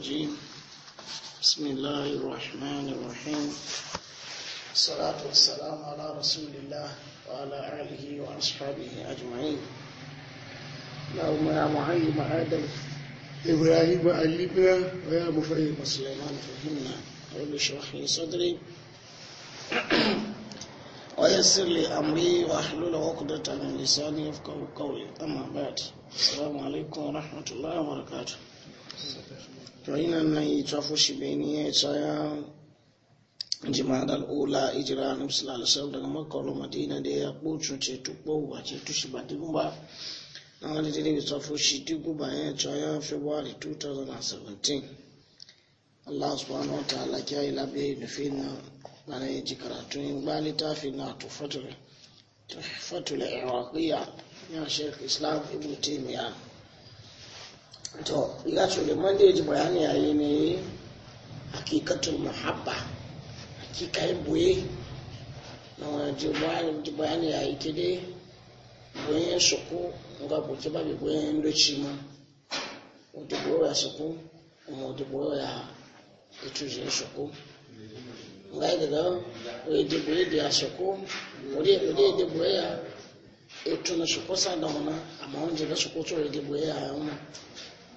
الرجيم بسم الله الرحمن الرحيم الصلاة والسلام على رسول الله وعلى آله وأصحابه أجمعين اللهم يا معلم آدم إبراهيم علمنا ويا مفهم سليمان فهمنا رب اشرح لي صدري ويسر لي أمري وأحلل عقدة من لساني يفقه قولي أما بعد السلام عليكم ورحمة الله وبركاته to ina nan yi tafo shi beni ya tsaya jima'ar al'ula ijira na musulalisa daga makarar madina da ya ɓocin ce tukpo ba ce tushi ba dubu ba na wani jirgin ya tafo shi dubu bayan ya tsaya februari 2017 allah subhanahu wa ta'ala kya yi labe da fi na bana ya ji karatu yin ba littafi na tufatul iraqiyya ya shekh islam ibn taymiyyah to iga cule wanda ya ji bayani yayi ne ha mahabba hakikayin buye na wani ji bayani yayi ke dai boyen suku nga boke ba bi boyen doci ma odi ya suku kuma ya ituje suku nga yi daga da ya suku ya suku sa da amma wani ji da suku ya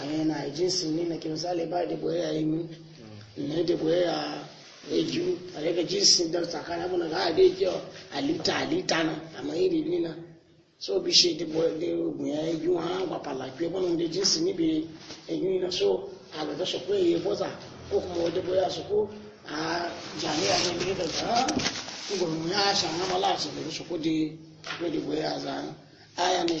ane na jinsi ni na kimisali ba da boyayya yi min ne ya ju a jinsi da tsakanin abu na ga da yake halitta halitta na amma iri ni na so ogun ya yi ju ha gwa bọ́n jinsi ni bi ẹ̀yìn na so àgbàdo sọ pé èyí bọ́tà ko kuma wata boya su ko jami'a ne ne da ta gurmu ya zan aya ne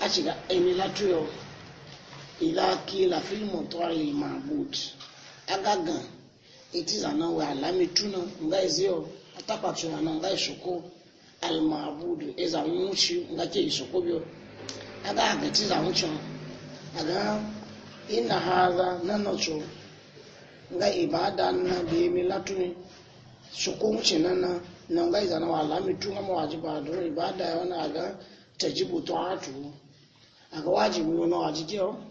a shiga emela tuyo ila kila fil mutuwari mabud agagan iti zanen wa alami tuna nga iziyo atakwacho na nga isoko almabudu eza nwuchi nga ke isoko biyo aga aga ti za nwuchi aga ina haza nanocho nga ibada na bi emela tuni soko nwuchi nana na nga izanen wa alami tuna mawajibadu ibada yana aga tajibu tuatu aga wajibu wani wa jiki yau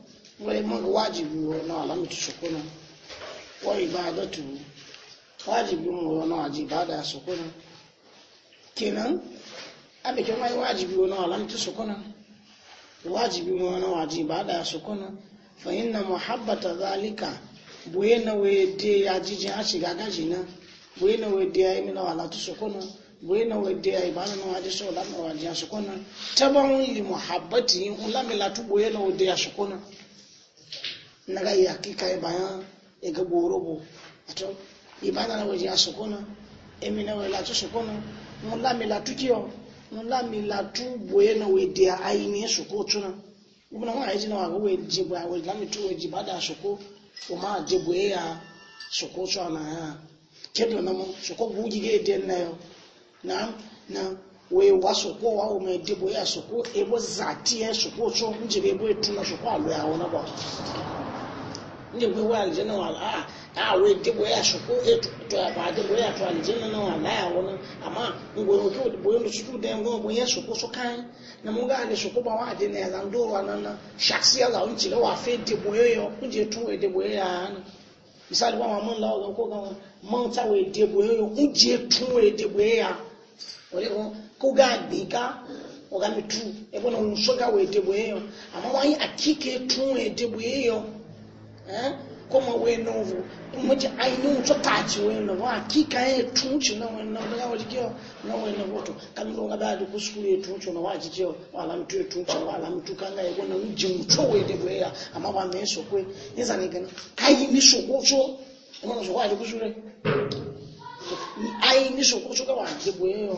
wajibu maga wajibi wani wa lamita sukuna wa wajibu wajibi wani wa ji ibada kenan abike mai wajibi wani wa lamita ji ibada sukuna fa inna muhabbata zalika bu na wede dị a shiga gaji na na wede na wena wede aibana no aje so na waje asukona tabawun li muhabbati un lamila tubo yana wede asukona naga ya kika e bayan e ga borobo ato ibana na waje asukona emi na wela to sukona un lamila tukio un lamila tubo yana wede aini suko tuna ibuna wa aje na wago weje ba waje lami tu weje bada suko o ma je ya suko tuna ya kedo na mo suko buji ge e den na yo na na wee wa soko wa ume dibo ya soko ebo zati ya soko cho nje be bo etuna soko alo ya ona ba nje be wa aljanna wa ah ah we dibo ya soko etu to ya ba dibo ya to aljanna na wa la ya ona ama ngo ngo to dibo yo chutu de ngo bo ya soko so kan na mu ga ale soko ba wa de na ya zando wa na na shaksi ya la unchi le wa fe dibo yo yo kuje tu we dibo ya ana misali wa mamun la wa ko ga mun ta we dibo yo yo kuje tu we dibo ya wòle kò kó gá ka ká wòga mi tu ebo na ŋun sɔga wò edebo yɛ yɔ ama wòanyi atike tun wò edebo yɛ yɔ ɛn mo ayi ne ŋun sɔ taati na wò yɛ nɔ wòle ka wòle kiyɔ na wò yɛ nɔ wò to kami wò ka bɛ adi ko sukulu yɛ tun tsi na wò adi kiyɔ wò alami tu yɛ tun wa wò alami tu kanga yɛ wò na ŋun dzi ŋun tso wò edebo yɛ yɔ ama zan ne ka yi mi sɔkɔ so ɛmɛ sɔkɔ adi ko su dɛ ayi mi sɔkɔ so ka wa adi bo yɛ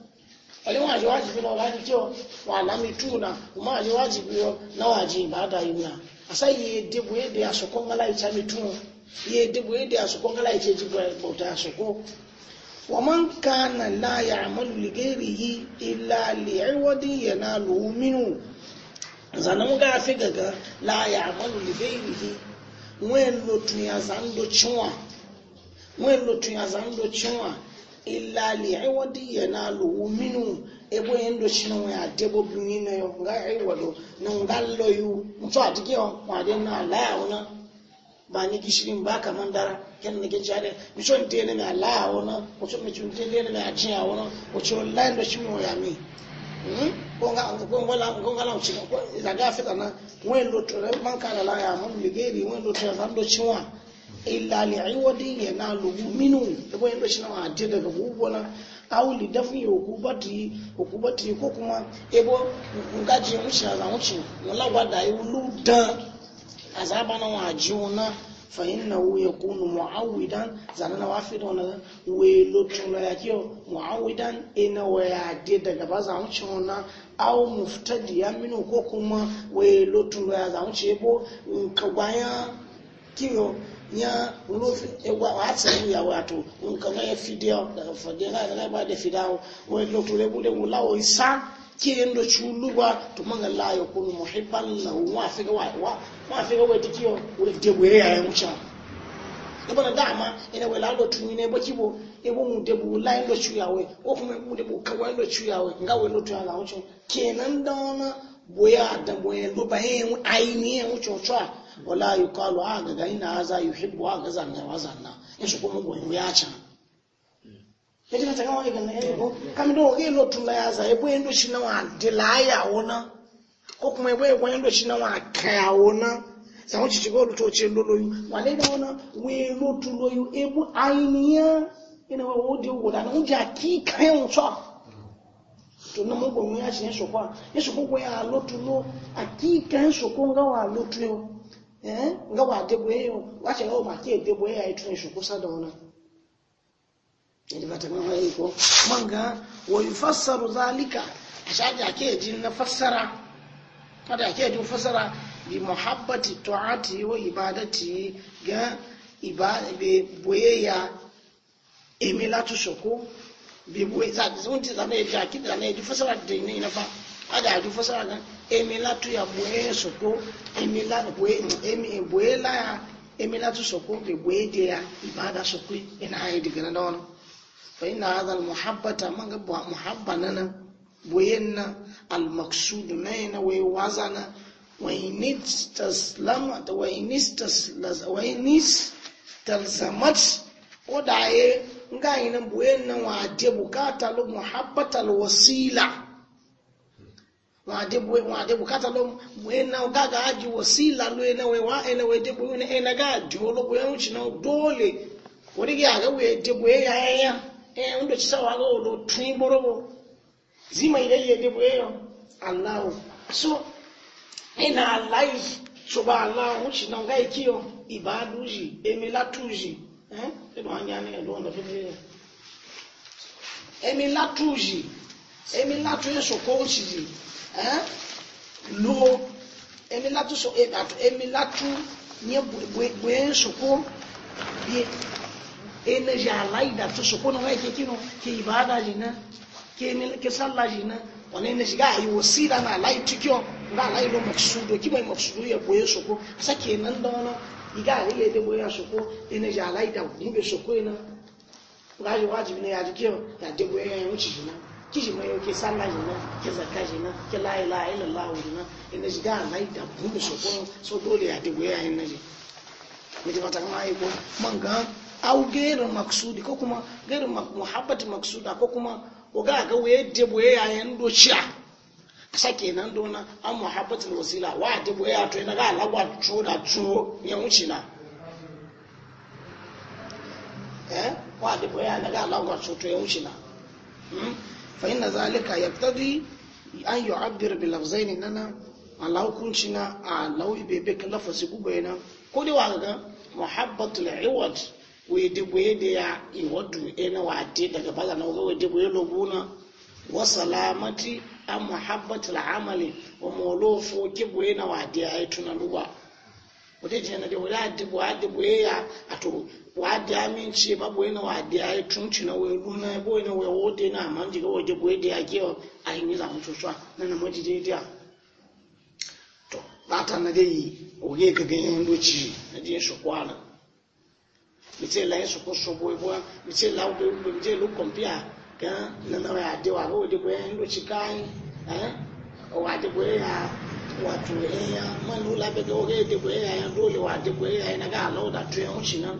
wale waje wajibi na wala kyau wa lami tuna kuma waje wajibi na waje ibada yuna asai ye debu ye de asoko ngala icha mitu ye debu ye de asoko ngala icha jibu bauta asoko wa man kana la ya'malu li ghairihi illa li'iwadi yanalu minu zanan ga fi gaga la ya'malu li ghairihi wen lotun ya zando chinwa wen lotun ya zando illa li iwadi minu ebo ya debo yo nga iwado na nga loyu mto atike on kwade na la ona ba ni gishirin ba ka mandara ken ne geja de mi na la ona o chon mi ne na ya ona o chon ya mi hmm? ko nga na wen lo to man la ya mun wen lo to za ndo illa li lugu minu da dabo yin shi na ate daga gubona auli li dafi hukubati hukubati ko kuma ebo ngaji mushi za mushi wala wada yulu da azaba na wa jiuna fa innahu yakunu muawidan na wa da wani we lotun la kiyo muawidan ina wa ate daga ba wuna awu wona aw ya minu ko kuma we lotun la za mushi ebo ka bayan kiyo ya lufi ewa watsa ya wato in kama ya fidiyo daga fadiyo na daga ba da fidawo wani lokure bude wula o isa kiyen do chuluba to manga la yo kunu muhibban lahu wa figa wa wa figa wa dikiyo ule debu ya ya mucha ibana dama ina wela do tunine kibo ebo mu debu la ndo chuyawe o kuma mu debu wa, ndo chuyawe ngawe ndo tuyala mucho kenan dona boya da boye lo ba yin ainihin mucho chwa wala yuqalu aga na ina haza yuhibbu aga zanna wa zanna yesu ko mungu yu ya cha yeji na tanga wani ya yeji kam do ge lo tula ya za ebo endo shina wa dilaya wona ko kuma ebo wa kaya wona sanwo lo lo loyu wale da wona we lo ebo ainiya ina wa wodi na ki ya cha ya lo a lo Eh? nga wa debo eyo wacha leo makie debo eyo aitune shukusa dona ndivata mama yuko manga wayufassaru zalika ashaja akeji na fassara kada akeji fassara bi muhabbati ta'ati wa ibadati ga ibade boyeya emila tushoko bi boye za zonti za meja kidana eji fassara de ni nafa ada aji fassara ga Emilatu ya boye soko Emilatu la emi boye la ya emilatu soko ke boye de ya ibada soko ina hayi diga na fa ina hadha al muhabbata manga muhabba nana boyen na al maqsud na we wazana wa init taslama wa init taslaz wa init talzamat odaye ngai nan boyen na wa de bukata lu muhabbata al wasila wadebwe wadebu kata lo wena ugaga aji wasila lo ena we wa ena we debu ena ena ga jolo bwe uchi na dole origi aga we debu ya ya e ndo chisa waga lo timborobo zima ile ye debu yo allah so ena allah so ba allah uchi na ga ikio ibaduji emilatuji eh e ba nyane lo na fili emilatuji emilatu yeso ko uchi lo emi latu so e, emi latu nye gbe soko bi ene je alai da tu soko no ga e ke kino ke ibada lina, ke ne ke sallah jina wani ne shiga ayi wasila na alai tikyo ga alai lo maksudo kiba maksudo ya bwe soko asa kenan da wani iga ni le de ya soko ene je alai da gube soko ina ga yi wajibi ne ya dikyo ya de boye ya wuce jina kishi mai yauke sallah jina ke zakka jina ke la ilaha illallah jina ina shiga Allah da buɗe sokon so dole ya digo ya yin naje mu ji mata kan ayi ko man ga au gairin maksudi ko kuma gairin muhabbati maksuda ko kuma ko ga ga waye debo ya yin do ciya sake nan dona an muhabbatul wasila wa debo ya to ina ga alagwa to da to ya wuce na eh wa debo ya ina ga alagwa to ya wuce na hmm? fa inna zalika yaqtadi an yu'abbir bi lafzaini nana ala hukunci na a lawi bebe kan lafasi gugbe na ko dai wa ga muhabbatul iwad we de gwe de ya iwadu ena wa de daga bala na ga we de gwe lobuna wa salamati an muhabbatul amali wa mawlufo ki gwe na wa de ay tuna luwa ko dai jena de wala de gwe de gwe ya ato wadi aminci ba boye na wadi ayi tunci na wai na wai di na ma jiga waje boye da yake yau a yi mutu na na maji daidai to lata na dai oge ka ganyen na la su ko so la lu na na wai adi wa eh ya wato ya man lula bega oge ya ya na ga alau da tuyan shi nan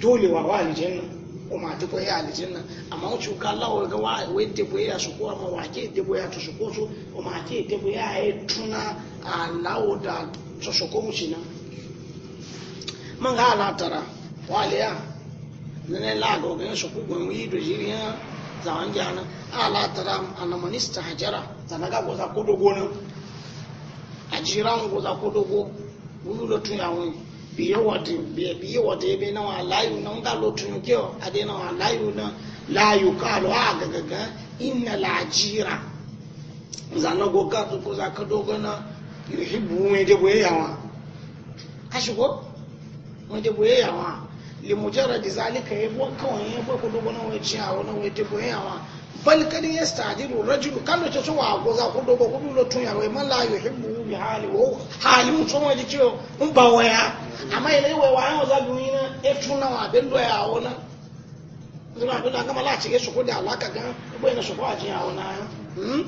dole wa wa aljanna o ma te koyi aljanna amma o chuka Allah ga wa we te boye a suko amma wa ke te a to suko so o ma ke te koyi a e tuna a lawo da so suko mu man ga ala tara wa le ya nene la go ga suko go wi do jiri ya za wanja na ala tara minista hajara zanaga go za kodogo na ajiran go za kodogo wulu lo tun ya biye be na wa layu na nga lo tunu kyo ade na layu na layu ka la ajira zana go ka ko za ka dogo na yuhibbu me de boye yawa ashugo mo de boye yawa li mujarrad zalika yabo ko dogo na wa ciya wa na wa de yawa bal kad yastajilu rajulu kan to to wa go za ku do ku du lo tun ya we man la yuhibbu bi hali wo hali mu to ma di un ba wa amma ile we wa an za dun ina e tun wa be do ya wona zuma do da kama la ci su ko da alaka ga e bo ina su ko ajin ya wona hmm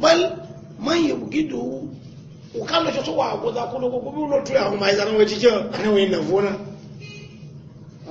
bal man yugidu ukan to wa go za ku do ku du lo tun ya ma za na we ti ana we na wona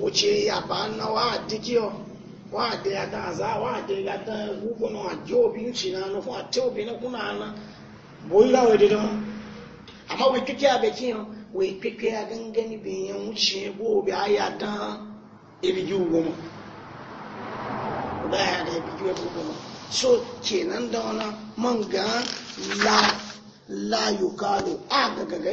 wuce ya ba na wa dikiyo wa de ya dan wa de ya a na no obi na kuna na boila we de don ama we kike ya be kin we ya gangani be yan wuce bo bi aya ya e da e e mo so kenan na ma la la a ga ga ga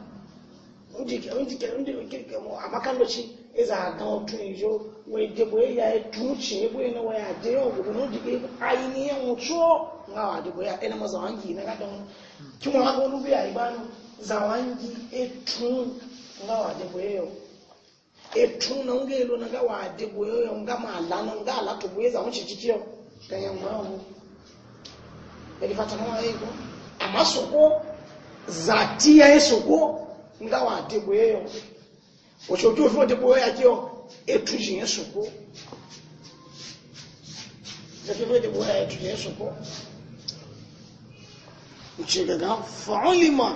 njike njike ndị okirike mụ amaka ndochi ịza ada otu ijo wee debo ya etu uche ebo ya na waya adị ya obodo na anyị n'ihe nwụchụọ nga wa adịbo ya ena maza wangi na gada mụ kimụ aga olu bi za wangi etu nga wa adịbo ya etu na nga elu na ga wa adịbo ya nga ma ala na nga ala tụbụ ịza nwụchi chichi ya kanya mụ ahụ eri fata na wa ego amasokwo zati ya nga wa debo eyo osotu ofo debo eya o etu jiyen soko osotu debo etu soko gaga fa'ulima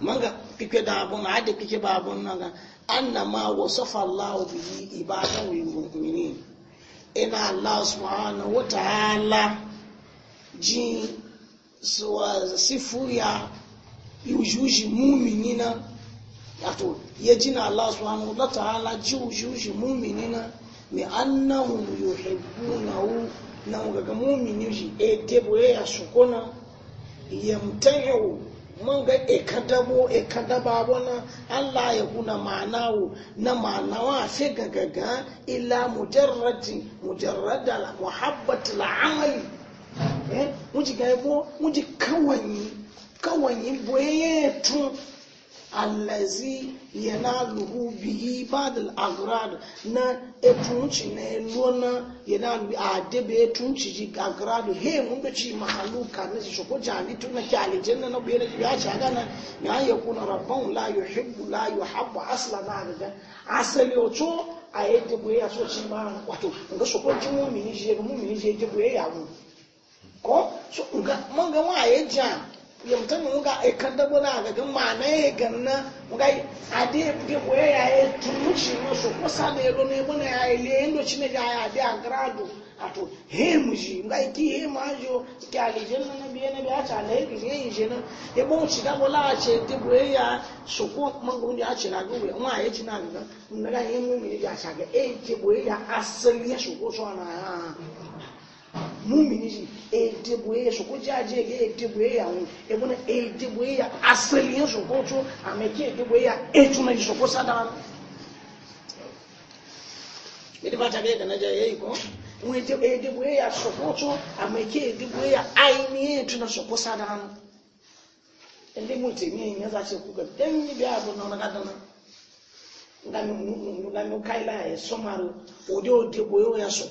manga kike da abu ma ade kike ba abu naga annama wasafa Allah bihi ibadahu lilmu'minin ina e Allah subhanahu wa ta'ala ji suwa sifu yujuji muminina wato ya na Allah subhanahu wa ta'ala ji yujuji muminina mi annahum yuhibbunahu na ga mumini ji e tebo ya sukuna yamtayu man ga e kadabo e kadaba bona Allah ya kuna ma'anawo na ma'anawa ga gaga ila mujarrati mujarrada muhabbatul amali eh muji ga yabo muji kawani. kawai boyetu allazi yanaluhu bihi badal agrad na etunci na elona yanalu adebe etunci ji agrad he mun da ci mahaluka na shi ko jani tun na ki alijanna na bere ki ya ci aga na ya yakuna rabban la yuhibbu la yuhabbu asla na ga asali ocho ayete boye aso ci ma wato ga so ko ji mu mi je mu mi je je ya mu ko so ga mun ga wa ayejan yamta mi muka aikan na ga gan mana ya e ganna na yi adi bi ya yi tumuci musu kusa ero na ne bana ya yi le ndo cine ya adi de agrado ato he shi nga yi ki he majo ki alijen na na biye na biya ta na ki ne yi jena da bola ce ya so ko e ya ce na gobe amma ya ci na ga na ga he mu ya sa ga e ke boye ya asali ya so ko na ha mumini shi ede boye su ko jaje ga ede boye ya wu e bona ede boye ya asali yin su ameke ede boye ya e tuna su sada Ede ba ta be da naja yayi ko mu ede ede ya su ameke ede aini e tuna su ko sada Ende mu te ni ne za ce ku ga dan ni biya bu na ga dan ngami ngami kai la e somaru ode ya su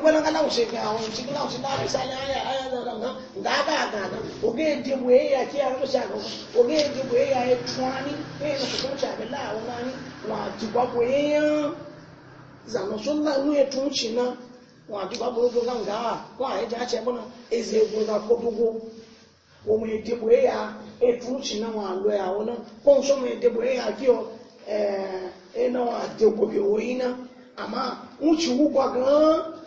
gbọ́dọ̀ ká láwùsọ ìfẹ́ àwọn na láwùsọ náà fi sálẹ̀ ayé ayé ọ̀dọ̀ ya gàdá àgàdá ògé ìdìbò èyí àti àrùn ṣe àgọ́ ògé ìdìbò èyí àyè tún na ní èyí lọ tuntun ṣe àbẹ̀ láàwọn náà ya wọn àdìgbàgbọ́ ya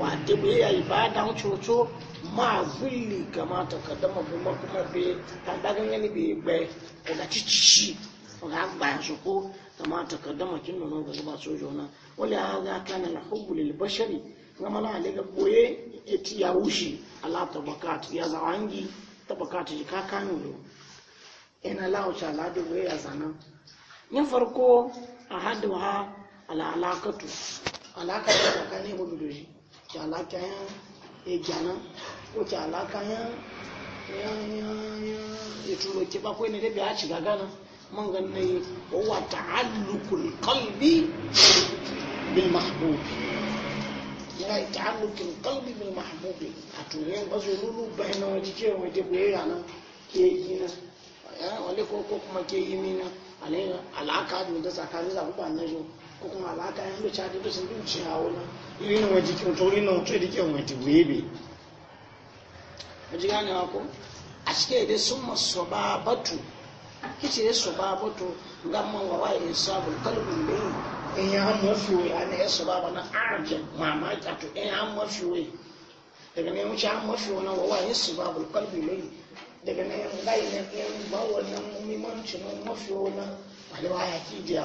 wajibu ya ibada un coco ma zulli kama ka dama kuma kuma be ta dagan yani be gbe ko ga cicici ko ga ba su ko kama ka dama kin nono ga zuba sojo na wala ga kana na hubbu lil bashari kama la alega boye eti ya wushi ala tabakat ya zawangi tabakat ji ka kanu do ina lawo cha la do ya zana ni farko a hadu ha ala alakatu alakatu ka ne mu doji ki alaka ya जाना ko ki alaka ya ya ya ne da man ne wa ta'alluqul qalbi bil mahbub ya ta'alluqul qalbi bil ke yi ko ko kuma ke yi mina alaka da tsakanin na ko kuma alaka yan da cadi da sun duci a wani irin wa jikin tori na wato da kyau mai tibwebe a ji ganewa ko a cike da sun masu ba batu kici da su ba batu gamman wa waye sabul da yi in ya hamu mafi wai ana ya su ba ba na arjin mamaki a to in ya hamu mafi wai daga ne wuce hamu mafi wani wa ya su ba bulkalbin yi daga ne gayi na ɗayan bawon nan muhimmancin mafi wani wani waya ki diya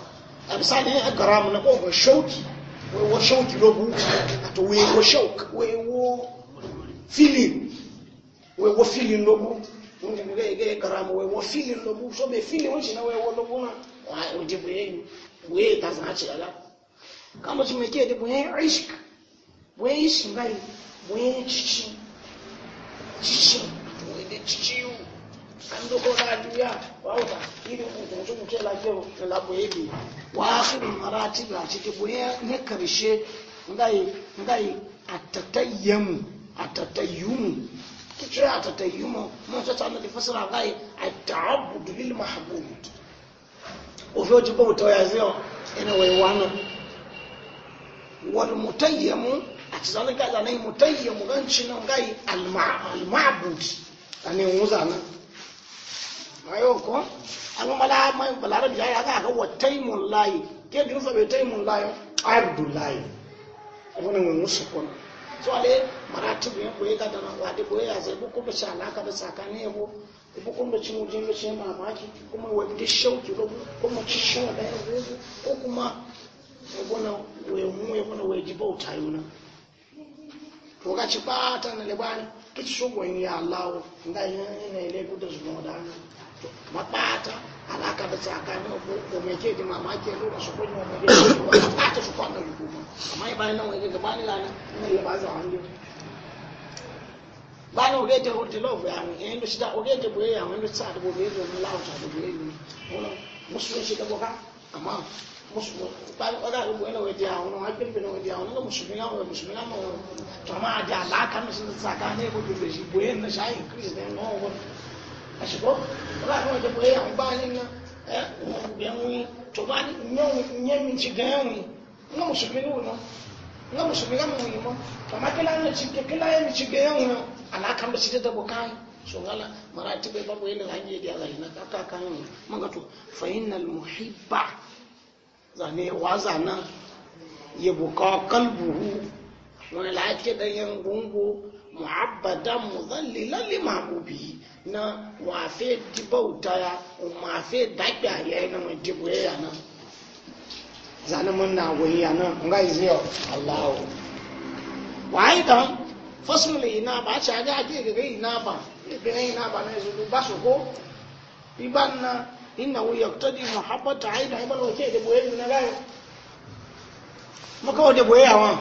a misali yin agaramu na kofar shauki wo shauki rogu ato wo shauk wo filin wo filin rogu wanda ga ga we wo filin rogu so me fili wani na wo rogu na wa uje buye buye ta san ci ala kama su me ke de buye ishq buye shi ngai buye cici cici to ide cici sanduko la duniya wauta irin mutunci mu ce la kyau da labo yake wa akhiru marati ba ci ki buya ne karshe ngai ngai atatayyum atatayyum ki ce atatayyum mun ta tsana da fasara ngai at-ta'abbud lil mahbub o fi oji bauta ya zai ina wai wani wal mutayyamu a ci zanen gaza na yi mutayyamu ganci nan gai al-ma'bud a ne wuza nan ayo ko anu mala mai balara bi ya ga ga wa taimun layi ke bi nufa be taimun layi abdullahi ibn musa kon so ale ya boye ga dana wa ya zai ko ko sha alaka da sakane yabo ibu kuma cin wujin da cin mamaki kuma wanda shauki ba kuma ci shan da ya zo ko kuma mu ga ta na lebani to ci ya mabata alaka da tsakanin ko mai ke ji mamaki lura su kun mu mai ba ta ta su kwana amma ya bayan nan wani lana ne ya ba za hanyo ba bani oge te hote love ya mu en shi da oge te boye ya mu sa da boye mu boye wala shi boka amma ba bin ya to ma da alaka musu tsakanin ko da shi boye ne àsìkò ọ̀gá àwọn ìjọba ẹ̀ àwọn bá ní ná ẹ̀ wọ́n gbé wọn tó bá ní nyẹ́ ti gan ẹ̀wọ̀n ńlá mùsùlùmí ní wọn ńlá mùsùlùmí ká mọ̀ wọn màmá kílá ni ti kílá yẹ́ mi ti gan ẹ̀wọ̀n àlàkà mi ti dé so káyìn la, mara ti bẹ́ẹ̀ bábọ̀ yẹn láyé di àlàyé náà káká káyìn wọn mọ̀gá tó fẹ̀yìn nà mùhìbà zane wàzà náà yẹ bùkọ́ kálbùhù wọn láyé ti da yẹn gbòǹgbò mu'abbadan muzallilan li mahbubi na wa fe dibauta ya wa fe dagba ya na mun dibo ya na zanin mun na wani ya na nga iziyo Allahu wa aidan fasul ina ba cha ga ge ge ina ba ibina ina ba na zulu basu ko ibanna innahu yaqtadi muhabbata aidan ibal wa ke dibo ya na ga makawa dibo ya wa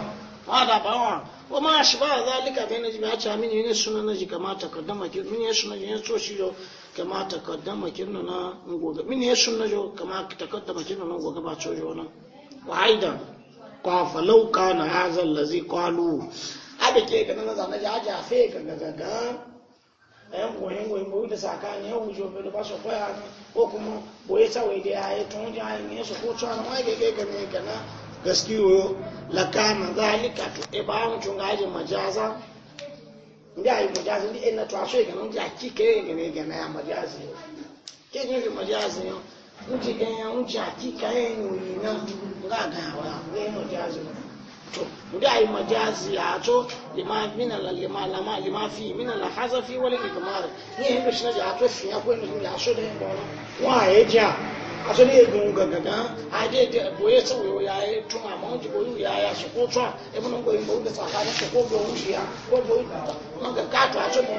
wa da ba wa wa ma shi ba zalika bai naji ba ta mini ne suna naji kamata kaddama ki mini ya suna ne so shi yo kamata kaddama ki na na ngoga min ya suna yo kama kaddama ki na na ngoga ba so yo na wa aidan kwa falau kana hadha allazi qalu ada ke kana na zanaji aja fe ka ga ga ɗayan koyin goyin goyi da sakani ya wuce ofe da ba su ko kuma boye ta wai da ya yi tun ya yi ne su ko cewa na ma ga ga ga ne ga na gaskiyo lakana zalika to e ba mu chunga aje majaza ndi ayi majazi ndi ena to ashe ga ndi akike ga ne ga na ya majazi ke ni ga majazi yo ndi ga ya ndi akika enyu ina nga ga wa ne majazi to ndi ayi majazi ya to lima mina la lima la ma lima fi mina la fi wal ikmar ni ndo shina ja to fi ya ko ni ya so de wa eja asọ́lé egun gangan adéèdè bóyá a yóò yá bụ onye àmọ́ ya bóyá yá ẹ sọ̀kó tún à ya náà gbóyè mọ̀ oúnjẹ sàkà ní sọ̀kó bí òun ṣìyà wọ́n bóyá wọn kẹ káàtó asọ́lé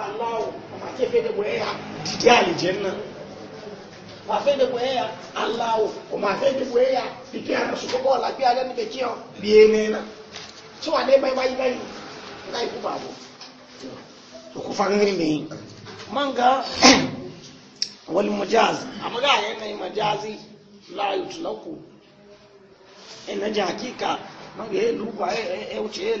aláwọ̀ ọmọ akẹ́fẹ́dẹ̀gbọ̀ ẹ̀yà dìde àlìjẹ́ náà wà fẹ́dẹ̀gbọ̀ ẹ̀yà aláwọ̀ ọmọ akẹ́fẹ́dẹ̀gbọ̀ ẹ̀yà pípẹ́ àrẹ̀sùkọ́kọ́ làbí alẹ́ níbẹ̀ kí ọ bí i ní náà tí wà ní báyìí báyìí báyìí láì kú bàbọ̀ òkú fangiri mi manga wọlé mọjáàzì àmọ́gá àyẹ̀ náà mọjáàzì láàyò tùlọ́kù ẹ̀nàjà kíkà manga ẹ̀ ẹ̀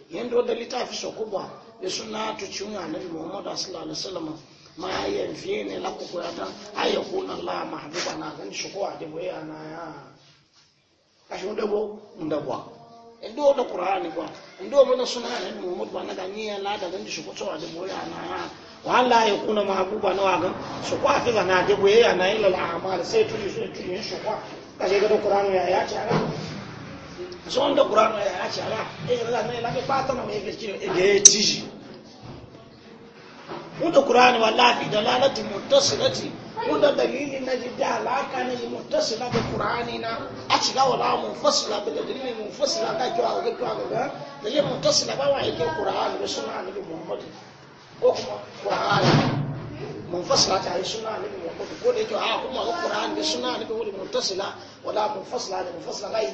yanda wanda littafi sokuba da suna tucin annabi muhammad sallallahu alaihi wasallam ma yayin fiye ne la ko koya ta la allah mahduba na gan shi ko ade boya na ya kashi mu dabo mu dabo ndo da qur'ani ba ndo mu na suna annabi muhammad ba na gan ya la da gan shi ko to ade boya na ya wala ya kuna mahbuba na wagan su ko afi na ade boya na ila al a'mal sai tuji sai tuji shi ko kashi ga qur'ani ya ya ta so ndo qur'an ya acha eh, la e la me la ke pata na me ke chiro e eh, ge tiji ndo qur'an wallahi dalalatu muttasilati ndo dalili na jidda alaka na muttasila da qur'ani na acha la wala munfasila da dalili munfasila ka jo a ga to a ga da ya muttasila ba wa yake kur'ani da sunna annabi muhammad ko kuma kur'ani munfasila ta yi sunna annabi ko da yake ah, a kuma kur'ani da sunna annabi muttasila wala munfasila da munfasila yi.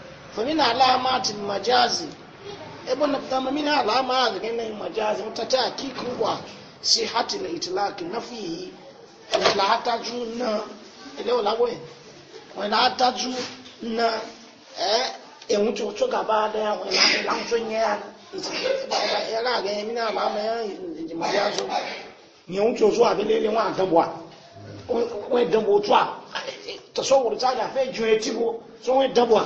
فمن علامات المجاز ابن نبتام من علامات غير المجاز متتاكيك هو صحة الإطلاق نفيه ولا تجو نا إلي ولا nnọọ. ولا tí o tó gàba dẹ àwọn ìlànà tó yẹ ẹlá àgẹ ẹmí náà máa mẹ ìjìnlẹ aṣọ tí o ilé wọn à à ju etí wo à.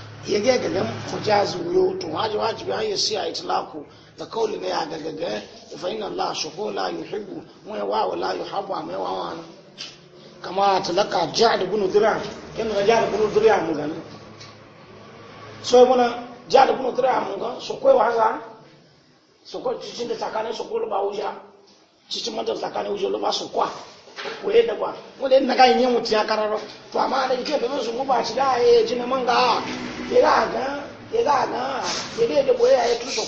ya ga gagan mujazu yo to waje wajibi an yasi ayi tilaku da kauli ne ya gaga ga fa inna allah shuko la yuhibbu wa wa wa la yuhibbu ma wa wa kama talaka ja'd ibn dirham kin ga ja'd ibn dirham mun gani so muna ja'd ibn dirham mun ga so koi wa za so ko cikin da tsakanin so ko ba wuja cikin madar tsakanin wuja lo ba so kwa wòye dẹ̀gbà wọ́n lè nàka yìí yẹn wò tiẹ̀ kára rọ tó a máa lẹ́yìn tí èbè lóṣù gbogbo àti dáa yẹ ẹ̀jẹ̀ ní mọ́ngà ya yẹlẹ àgán ama àgán ya èdèbò yẹ ayé tún ya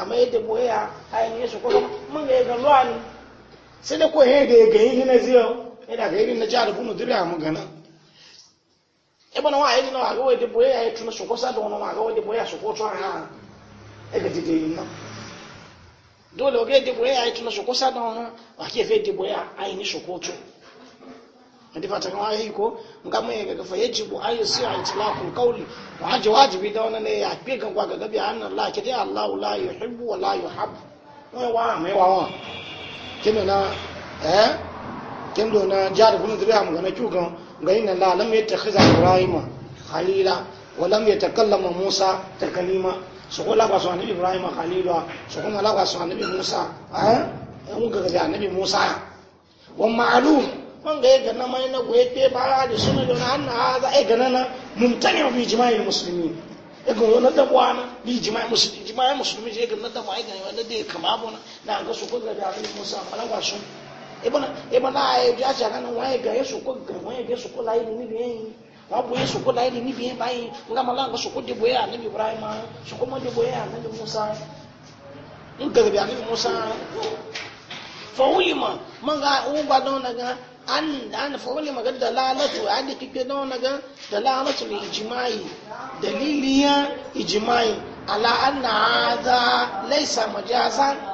àmọ́ èdèbò yẹ ayé ní sọ̀kọ́ lọ́wọ́ mọ́ngà ẹ̀gán dole oge debo ya ito na shoko sada wa waki fe debo ya ai ni shoko to ndi fata kan wai ko nga mu ga ga fa si ayi yusi'a ko kauli wa haji wajibi da wannan ne ya pe kan kwa ga bi anna allah kidi allah la yuhibbu wa la yuhab wai wa me wa wa kin na eh do na jar bunu dira mu ga na kyugan ga inna la lam yattakhiza ibrahima khalila wa lam yatakallama musa takalima soko lagwaso anabi ibrahim khalilwa soko ma musa eh an ga ga musa wa ma'lum wan ga ga na mai na goyete ba da sunu da na hada ai eh, ga na mumtani bi jima'il muslimin eh, na da bwana na jima'i musulmi je ga na da mai eh, ga na da kama bona na ga ga da musa lagwaso ibana ibana ai ja ja na wai ga su ko ga wai ga su ko lai ni ni wọn boye soko la ni biye ba ye nga ma suku ka soko de boye ibrahima soko ma musa n gɛrɛbi musa ma ba na an an ma dalalatu kike na dalalatu daliliya ijimayi ala an na majazan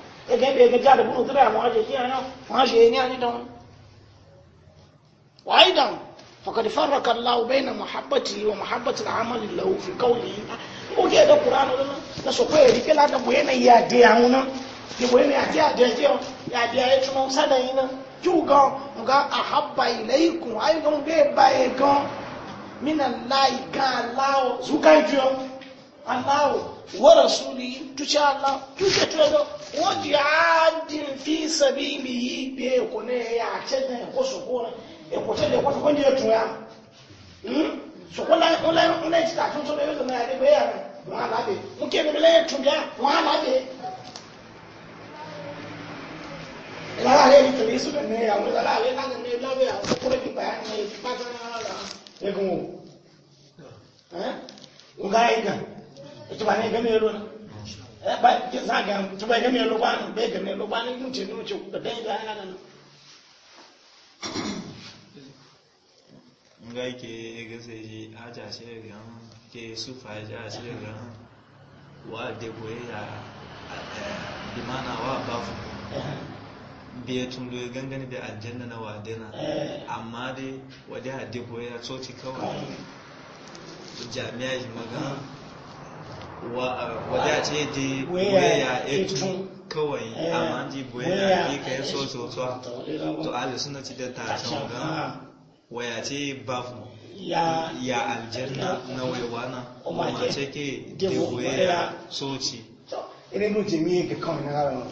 ẹgẹ́ bí ẹgbẹ́ jáde búrú tí bẹ́ẹ̀ wọ́n ṣe sí ẹ̀yán wọ́n ṣe ní ànídàn wáyìdàn fọkàdì fárọkà láwù baina na mọ̀hábàtì wọ mọ̀hábàtì àmàlì lọ́wọ́ fi káwọlì yìí ó jẹ́ ẹ̀dọ́ kura na sọ pé èrí pé ládàbò yẹn na yí adé àwọn náà na. ni àti àdé ẹjẹ́ ọ yàdé ayé y'a sádà yìí náà jù sada nga na ilẹ̀ ikùn ayé gan bẹ́ẹ̀ bá yẹ gan mí na láì gan aláwọ̀ zùkà jù ọ aláwọ̀ ورسوله تشاء الله تشاء تلو وجعاد في سبيله بيكونه يعتنى وسكونه يقتل يقتل كون يتوى سكولا ولا ولا تتعفن صلى الله عليه وسلم wọ́n aláde mú kí ẹni lẹ́yìn tún bíá wọ́n aláde ìlànà àlẹ́ yìí tẹ̀lé sùn ní àwọn ìlànà àlẹ́ láti ní lábẹ́ àwọn kúrẹ́ pípa ní pátá ní ara ẹ̀gùn o ǹgá ẹ̀gàn tí wà ní ẹgbẹ́ mi lónà ẹgbà sáàgà tí wà ẹgbẹ́ mi lọ́gbà ní bẹ́ẹ̀ ẹgbẹ́ mi lọ́gbà ní yóò tẹ̀ ní oṣù pẹ̀lẹ́ ìgbà ayé nana. nga ike egese ji aja shire gan ke sufa aja shire gan wa debo e ya bi mana wa bafu biye e tun loye gangane da aljanna na wadena eh. amma dai wadai a debo e ya tsoci kawai jami'a ji magana hmm. wàdá uh, ah, ce di wéyà etu kawai amma di wéyà kíkà yẹn sọ́tọ̀ tọ́ tó alìsúnà ti dẹ̀ta àtàwọn gan ah. wàyà ce báfù ya aljanna na waiwana wàyà ce ke di wéyà sọ́tì ilé inú ti mí èkè kan ìnira rẹ̀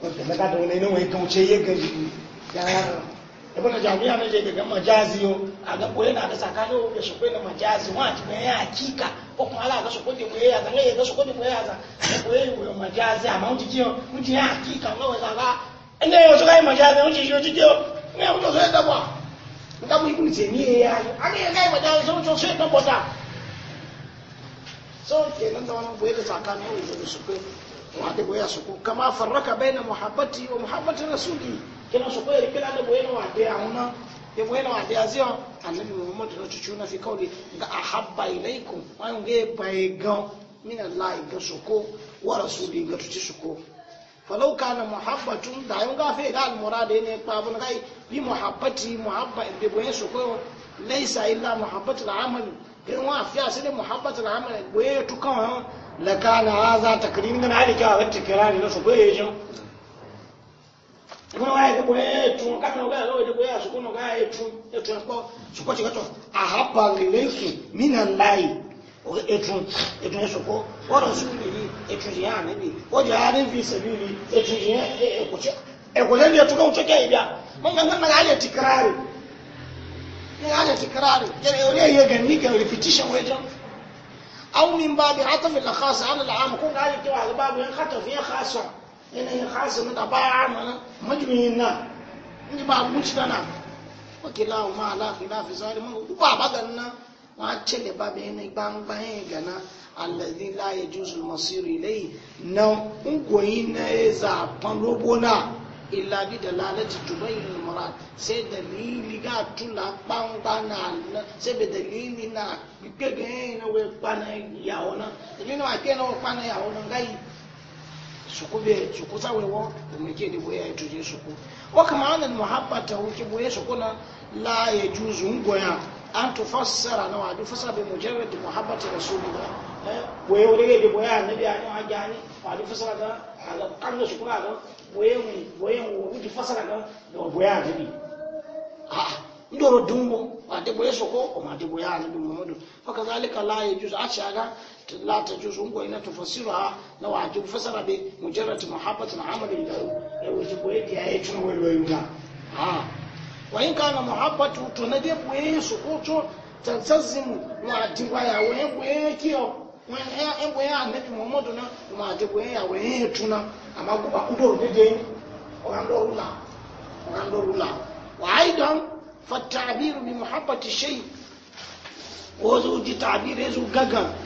wọ́n tẹ̀lé kàdé wọn inú wọn kan ṣe yé gan jù yàrá rẹ̀ ẹgbẹ́ nàìjíríà ní àná ṣe gẹ̀gẹ́ mọ̀ jáàzì o àgbẹ̀pọ̀ yẹn náà àdẹ́sàkájọ́ òfin ṣùgbọ́n mọ̀ jáàzì wọn àti mẹ́rin ko kuma ala ka sokoti mu ya zanga ya ga sokoti mu ya zanga ko yi wo majazi amma mun ji mun ji hakika mun wa zanga inda yau suka yi majazi mun ji shi ji ne mun so da ba nka mu n'i ye ya yi ana ya kai majazi mun so so da ba so nan da wani boye da sakani mun ji su ko wa da boye su kama farraka baina muhabbati wa muhabbati rasuli kenan su ko ya kila da boye wa da ya ya yana wa dia zio anabi muhammad na cucu na fi kauli ga ahabba ilaikum wa ga bai gan min allah ga suko wa rasuli ga tuci suko falau kana muhabbatun da yun gafe ga almurada ne pa bun kai bi muhabbati muhabba bi boye suko laysa illa muhabbatu al-amal in wa fi asli muhabbatu al-amal boye tukan la kana hadha takrim ga na rika wa tikrani na suko yejin wọn wáyé kó ẹ̀ẹ́tún kákan ọgá ẹ̀rọ ìdíkò yà sùkúnù ọgá ẹ̀ẹ́tún ẹ̀tún ẹ̀pọ̀ sùkọ́tìkọ́tọ̀ àhápa rìlẹ́sì mínà láì ẹ̀tún ẹ̀tún ẹ̀sùkọ́ ọ̀rọ̀ sùkúnù yìí ẹ̀tún yìí hàn níbi ó jẹ́ àárín fi ṣẹ̀bí rí ẹ̀tún yìí ẹ̀kọ́tẹ́ ẹ̀kọ́tẹ́ ní ẹ̀tún kọ́ńtọ́ kẹ́ ìbíà mọ́ nǹkan náà ayé ti kíráàrì ayé ti kíráàrì orí ẹ̀yẹ gẹ̀ẹ́nì gẹ̀ẹ́ repetition wẹ́jọ́ àwọn mímbà bí atọ́fẹ̀lẹ̀ xaasa alẹ́ làwọn kó ń ká ayé kí wà lọ́ba bí wọ́n kàtọ̀ fi yẹn yanayin hasu na ba a mana majimin na in ji ba abinci da na wakila wa ma'ala fila fi sari ma ku ba ba ganna wa ce le ba bayan gbangban ya e gana allazi la ya juzul masiru ilai na ungoyi na ya e zafan robo na illa bi da lalata tubayin murad sai dalili ga tula gbangba na sai da dalili na gbegbe na wai kwana yawo na dalili na wa na wa kwana yawo na gai suku be suku sawe wo umeke ni boye tuje suku wa kama anal muhabbata hu boye suku na la yajuzu ngoya an tufassara na wa fasara bi mujarrad muhabbati rasulillah boye wore de boye annabi ani wa jani wa fasara ga ala kan suku na ga boye mu boye mu wuti fasara ga da boye annabi ah ndoro dungo wa de boye suku o ma de boye annabi muhammadu fa kazalika la yajuzu acha ga لا تجوز وإن تفسرها لو عجب فسر بمجرد محبة عمل الله وإن كان محبة تندب وين سقوط تلتزم معجب يا وين وين كيو وين وين النبي محمد نا معجب وين يا وين تنا أما كوبا كوبا ردين وعندو رولا وعندو رولا وأيضا فالتعبير بمحبة الشيء وذو تعبير يزو جاجا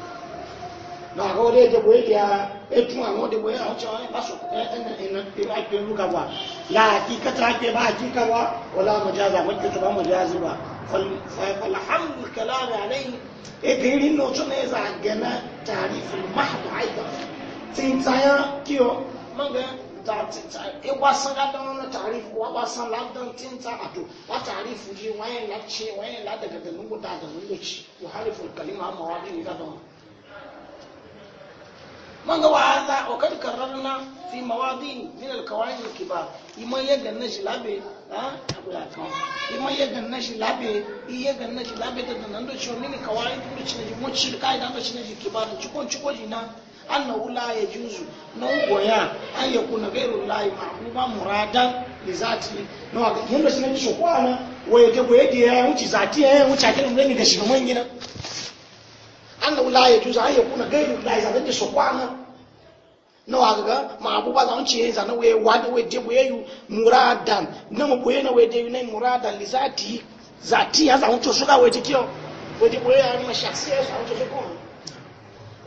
na àgọ́ ọdẹ ìdìbò èdè a ẹtún àwọn ìdìbò yẹn àwọn ọ̀chọ́ ẹ̀ bá sọ ẹ̀nà ìpè lùkà wà láàkì kẹta àkè bá àkì kà wà ọ̀là àmọ̀jáde àmọ̀jáde tó bá àmọ̀jáde wà fọlọ́hàmù kẹlẹ́rì àlẹ́yìn èdè rí nà ọ̀chọ́ náà ẹ̀zà àgẹ̀nà tààrí fún máàmù àìdá tí n tayá kí ọ mọ̀gẹ́ ewasan ladan na taarifu wawasan ladan tin ta ato wa taarifu ji wayan lacce wayan ladaga da nungu da da nungu ci wa harifin kalima amma wa bi ni ladan man ga wa'aza o kad kararna fi mawadi min alqawaid alkibar iman ya ganna shi labe ha abula kan iman ya ganna shi labe i ya ganna shi labe da nan do shi min kawaid da shi ne mun shi kai da shi ne kibar cikon cikon jina ula ya juzu na goya an yakuna ghairu llahi mahbuba muradan li zati no ga mun da shi ne shi kwana waye ta goye da ya wuce zati ya wuce akin mun ne da shi mun gina annahu la yajuzu an yakuna ghayru la zanan ji sokwana na waga ma abuba da unci zanan we wadi we de we yu muradan na mo boye na we de ne muradan li zati zati ya zanan to suka we de kio we de boye ya ma shakhsiya zanan to suka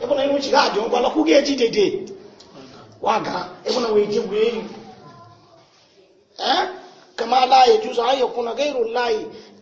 e bona yu ci de on bala ku ge ji dede waga e bona we de we yu eh kama la yajuzu an yakuna ghayru lahi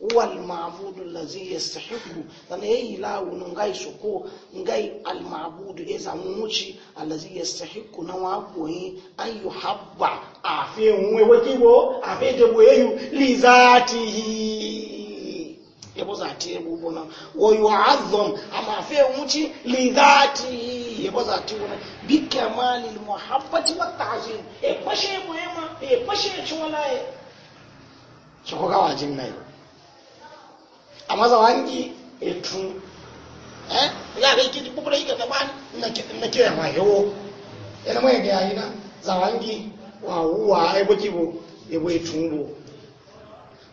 wal ma'budu allazi yastahiqu dan yayi lawu nan gai soko ngai al eza ya zamu muci allazi yastahiqu na wa koyi an yuhabba afi unwe wakibo afi de boyeyu li zatihi yabo zati yabo bona wa yu'azzam ama afi muci li zatihi yabo zati bona bi kamalil muhabbati wat ta'zim e fashe boyema e fashe chwalaye chokoka wajin nayo wangi zawangi etu eh, eh ya kai kiti bubura ga gaban na na ke ma yawo ina mai da yayi na zawangi wa uwa ai boki bo ebo etungo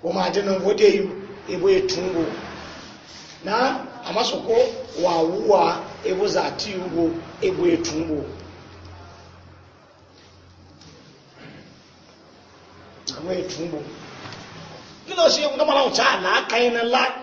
o ma jana vote yu ebo etungo na amasoko wa wa bu za ti ugo ebo etungo ebo etungo kilo si ngamala ucha na kaina la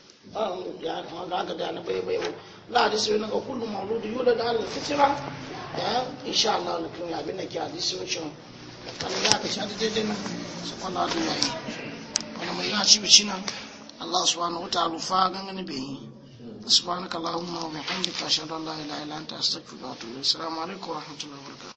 ga da na bai na la hadisi wani ga kullum mauludu yula da halin fitira ya insha Allah ya bi na ke hadisi kan ya ka su da mai ci bici Allah subhanahu wa ta'ala fa gangan bai yi subhanaka allahumma wa bihamdika la ilaha illa anta astaghfiruka wa atubu assalamu alaikum wa rahmatullahi wa barakatuh